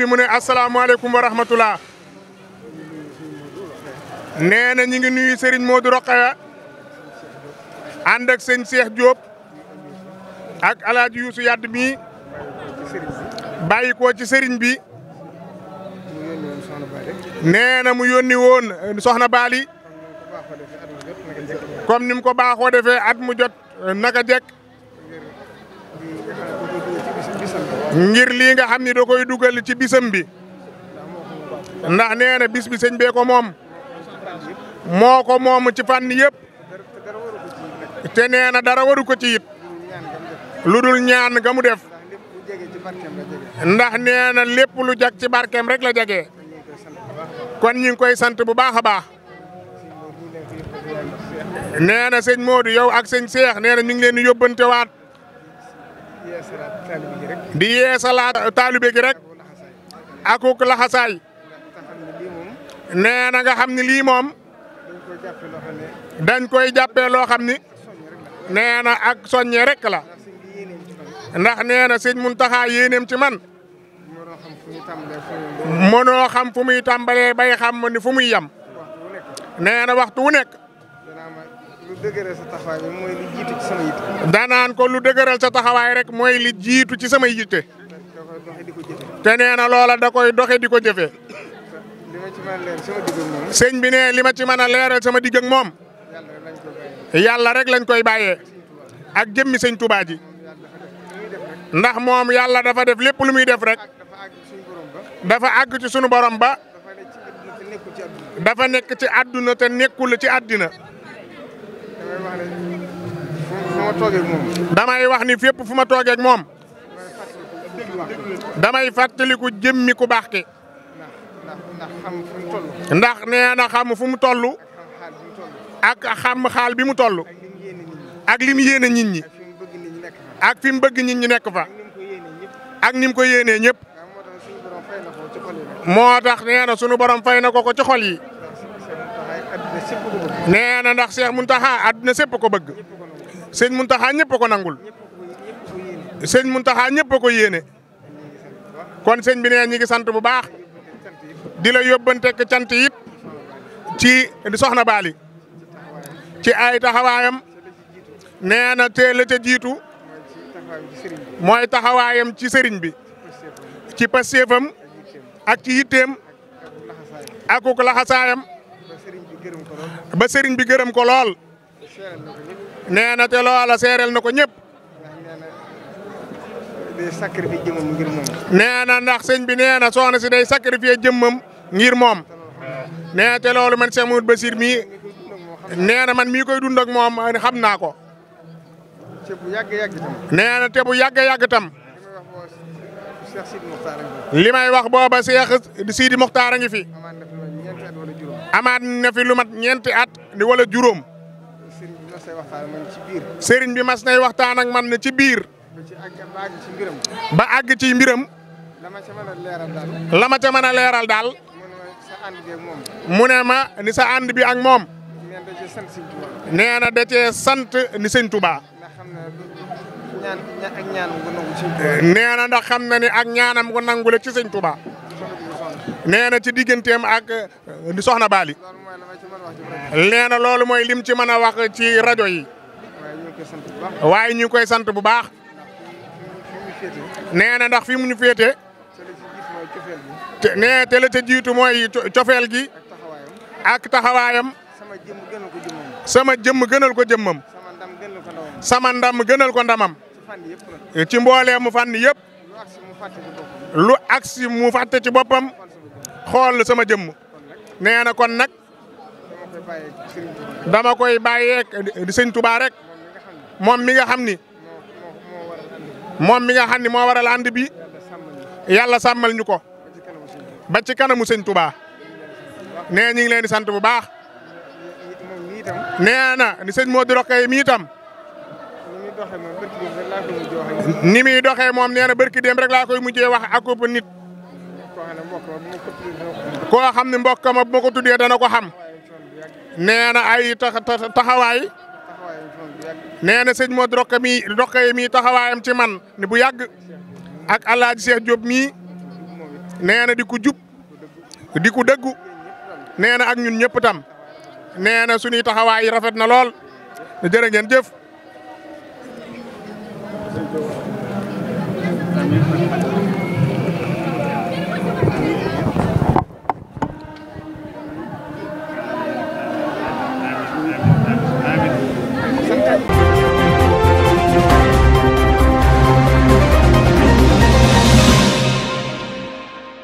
bi mu ne asalaamaaleykum wa rahmatullah nee na ñi ngi nuyu Serigne Modou Rokhaya ànd ak sëñ Cheikh Diop ak El Hadj Youssou Yadd mi bàyyi ko ci sëriñ bi nee na mu yónni woon euh, Soxna Bali comme ni mu ko baaxoo defee at mu jot euh, naka jekk. ngir lii nga xam ni da koy dugal ci bisam bi ndax nee na bis bi sëñ bee ko moom moo ko moom ci fànn yëpp te nee na dara waru ko ci it lu dul ñaan nga mu def ndax nee na lépp lu jag ci barkem rek la jagee kon ñu ngi koy sant bu baax a baax nee na moo du yow ak sëñ Cheikh nee na ñu ngi leen di yóbbante waat di yeesalaat taalibe gi rek akuk laxasaay nee nga xam ne lii moom dañ koy jàppee loo xam ni nee na ak soññe rek la ndax nee na sëñ Muntaxa yéeneem ci man mënoo xam fu muy tàmbalee bay xam ni fu muy yam nee waxtu wu nekk dëgëral ko lu dëgëral sa taxawaay rek mooy li jiitu ci sama yitte. te nee na loola da koy doxe di ko jëfee. sëñ bi ne li ma ci mën a leeral sama digg moom. yàlla rek lañ koy bàyyee. ak jëmmi sëñ Touba ndax moom yàlla dafa def lépp lu muy def rek. dafa àgg ci sunu borom ba. dafa nekk ci àdduna te nekkul ci àddina. damay wax ni fépp fu ma toogee moom. damay fàttaliku jëmmi ku baax ki ndax nee na xam fu mu tollu ak xam xaal bi mu tollu ak lim yéene nit ñi. ak fi mu bëgg nit ñi nekk fa. ak ni mu ko yéenee ñépp moo tax nee na sunu borom fay ko ko ci xol yi. nee na ndax Cheikh Mountakha àdduna sépp ko bëgg sëñ Mountakha ñëpp ko nangul sëñ Mountakha ñëpp ko yéene kon sëñ bi nee ñi ngi sant bu baax dila la yóbbanteeg cant yit ci soxna Bali ci ay taxawaayam nee na teel la jiitu mooy taxawaayam ci sëriñ bi ci pastéefam ak ci yitteem akuk laxasaayam ba sëriñ bi gërëm ko lool. nee na te loola seereel na ko ñëpp. nee na ndax sëñ bi nee na soxna si day sacrifier jëmmam ngir moom. nee te loolu man Cheikh Mouhamed Bachir mii nee man mii koy dundak ak moom xam naa ko. nee na te bu yàgg yàgg tam. li wax booba Cheikh Sidi Mokhtar ngi fi. amaat na fi ñeenti at di wala juróom. sëriñ bi mas nay waxtaan ak man ne ci biir. ba àgg ci mbiram. la ma ca mën a leeral daal. la ma ca mën a leeral daal. mu ma ni sa ànd bi ak moom. nee na da sant ni sëñ Touba. nee na ndax xam na ni ak ñaanam gu nangule ci sëñ Touba. nee na ci digganteem ak euh, soxna Bali. nee na loolu mooy lim ci mën a wax ci rajo yi. waaye ñu koy sant bu baax. nee na ndax fi mu ñu féete. nee te la jiitu mooy cofeel gi. ak taxawaayam. sama jëmm gënal ko jëmmam. sama ndam gënal ko ndamam. ci mboolee mu fànn yépp lu agsi mu fàtte ci boppam. xool sama jëmm nee na kon nag dama koy bàyyeeg di sëñ Touba rek moom mi nga xam ni moom mi nga xam ni moo waral ànd bi yàlla sàmmal ñu ko ba ci kanamu sëñ Touba nee ñu ngi leen di sant bu baax nee na ni sëñ Modou Rokhaya mi itam ni muy doxee moom nee na rek laa koy mujjee wax ak nit. koo xam ne mbokkam bu ma ko tuddee dana ko xam nee na ay tax taxawaay nee na sëñ Modou Rokhaya mii Rokhaya ci man ni bu yàgg ak El Hadj Cheikh Diop mii nee na di jub di ko dëggu nee na ak ñun ñëpp tam nee na suñuy taxawaay rafet na lool jërë ngeen jëf.